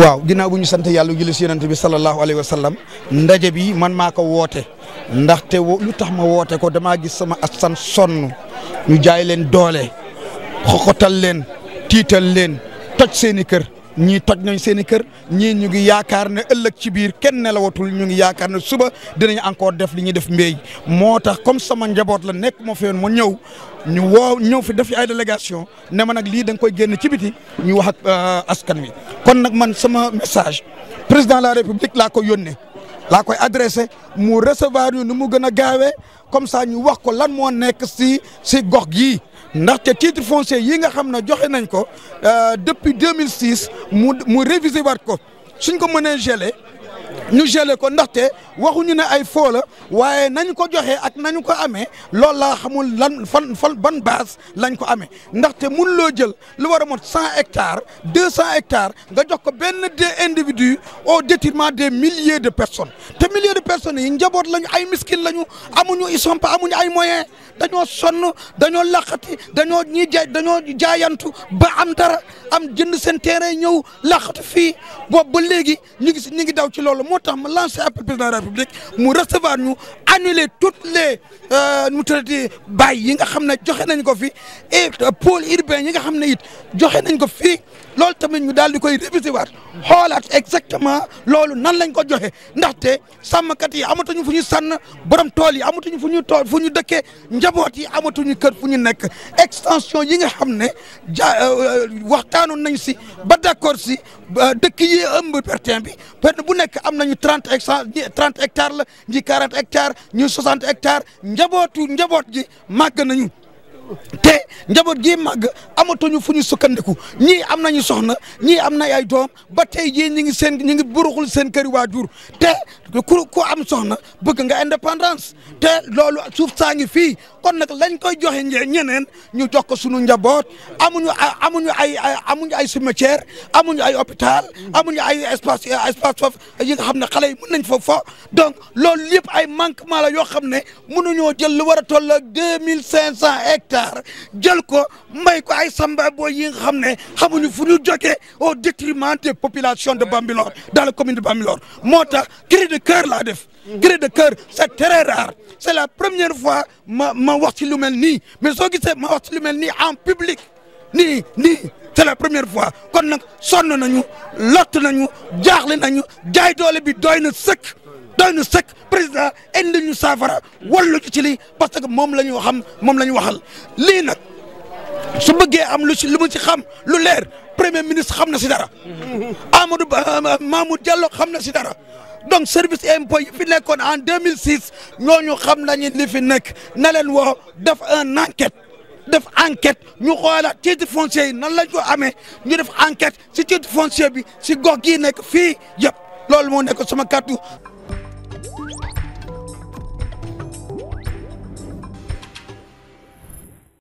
waaw ginnaaw bu ñu sant yàlla julli si yonent bi sallallahu alayhi wa sallam ndaje bi man maa ko woote ndaxte lu tax ma woote ko damaa gis sama askan sonn ñu jaay leen doole xoxotal leen tiital leen toj seeni kër. ñii toj nañ seen i kër ñii ñu ngi yaakaar ne ëllëg ci biir kenn nelawatul ñu ngi yaakaar ne suba dinañ encore def li ñuy def mbéy moo tax comme sama njaboot la nekk moo feeyoon moo ñëw ñu woo ñëw fi def ay délégation ne ma nag lii da nga koy génn ci biti ñu wax ak euh, askan wi kon nag man sama message président la république laa ko yónnee. la koy adressé mu recevoir ñu nu mu gën a gaawee comme ça ñu wax ko lan moo nekk si si gox gii ndaxte titre foncier yi nga xam ne joxe nañ ko euh, depuis 2006 mu mu révisé waat ko suñ ko mënee gelé ñu gelé ko ndaxte waxuñu ne ay foo waaye nañ ko joxe ak nañu ko amee loolu laa xamul lan fan ban base lañ ko amee ndaxte mun loo jël lu war a mot cent hectares deux cent hectares nga jox ko benn individu individus au détriment des milliers de personne te milliers de personnes yi njaboot lañu ay miskin lañu amuñu ils sont pas amuñu ay moyen dañoo sonn dañoo laqati dañoo ñi jaay dañoo jaayantu ba am dara am jënd seen terrain ñëw laqatu fii boobu ba léegi ñu ngi ñu ngi daw ci loolu moo tax ma lancé appel président de la république mu recevoir ñu annuler toutes les euh, nu mu traité bail yi nga xam ne joxe nañ ko fi et euh, pôle urbain yi nga xam ne it joxe nañ ko fii. loolu tamit ñu daal di koy réviser waat xoolaat exactement loolu nan lañ ko joxe ndaxte sàmmkat yi amatuñu fu ñu sànn borom tool yi amatuñu fu ñu tool fu ñu dëkkee njaboot yi amatuñu kër fu ñu nekk extension yi nga xam ne ja euh, euh, waxtaanoon nañ si ba accord si dëkk yi ëmb pertin bi pertin bu nekk am nañu trente hectares trente hectares la ñi quarante hectare ñi soixante hectare njabootu njaboot ji màgg nañu te njaboot gi màgg amatuñu fu ñu sukkandiku ñii am nañu soxna ñii am na ay doom ba tey jii ñu ngi seen ñu ngi buruxul seen këri waajur te ku ku am soxna bëgg nga indépendance te loolu suuf saa ngi fii kon nag lañ koy joxe ñeneen ñu jox ko sunu njaboot amuñu amuñu ay amuñu ay cimetière amuñu ay hôpital amuñu ay espace espace foofu yi xam ne xale yi mën nañ fa fo donc loolu yëpp ay manquement la yoo xam ne mënuñoo jël lu war a toll ak deux mille cinq cent hectares jël ko may ko ay samba boo yi xam ne xamuñu fu ñu jógee au détriment des populations de Bambilor dans la commune de Bambilor moo tax de laa def. cri de cœur c'est très rare c'est la première fois ma ma wax ci lu mel nii mais soo gisee ma wax ci lu mel nii en public nii nii c'est la première fois kon nag sonn nañu lott nañu jaaxle nañu jaay doole bi doy na sëkk. doy na sëkk président indi ñu saafara wallu ci li parce que moom la ñu xam moom la ñu waxal lii nag su bëggee am lu ci lu mu ci xam lu leer premier ministre xam na si dara. Amadou Mamour Diallo xam na si dara. donc service impôt yi fi nekkoon en 2006 ñooñu xam nañu li fi nekk na leen woo def un def enquête ñu xoolaat titre foncier yi nan lañ ko amee ñu def enquête si titre foncier bi si gox gii nekk fii yëpp loolu moo nekk sama kàddu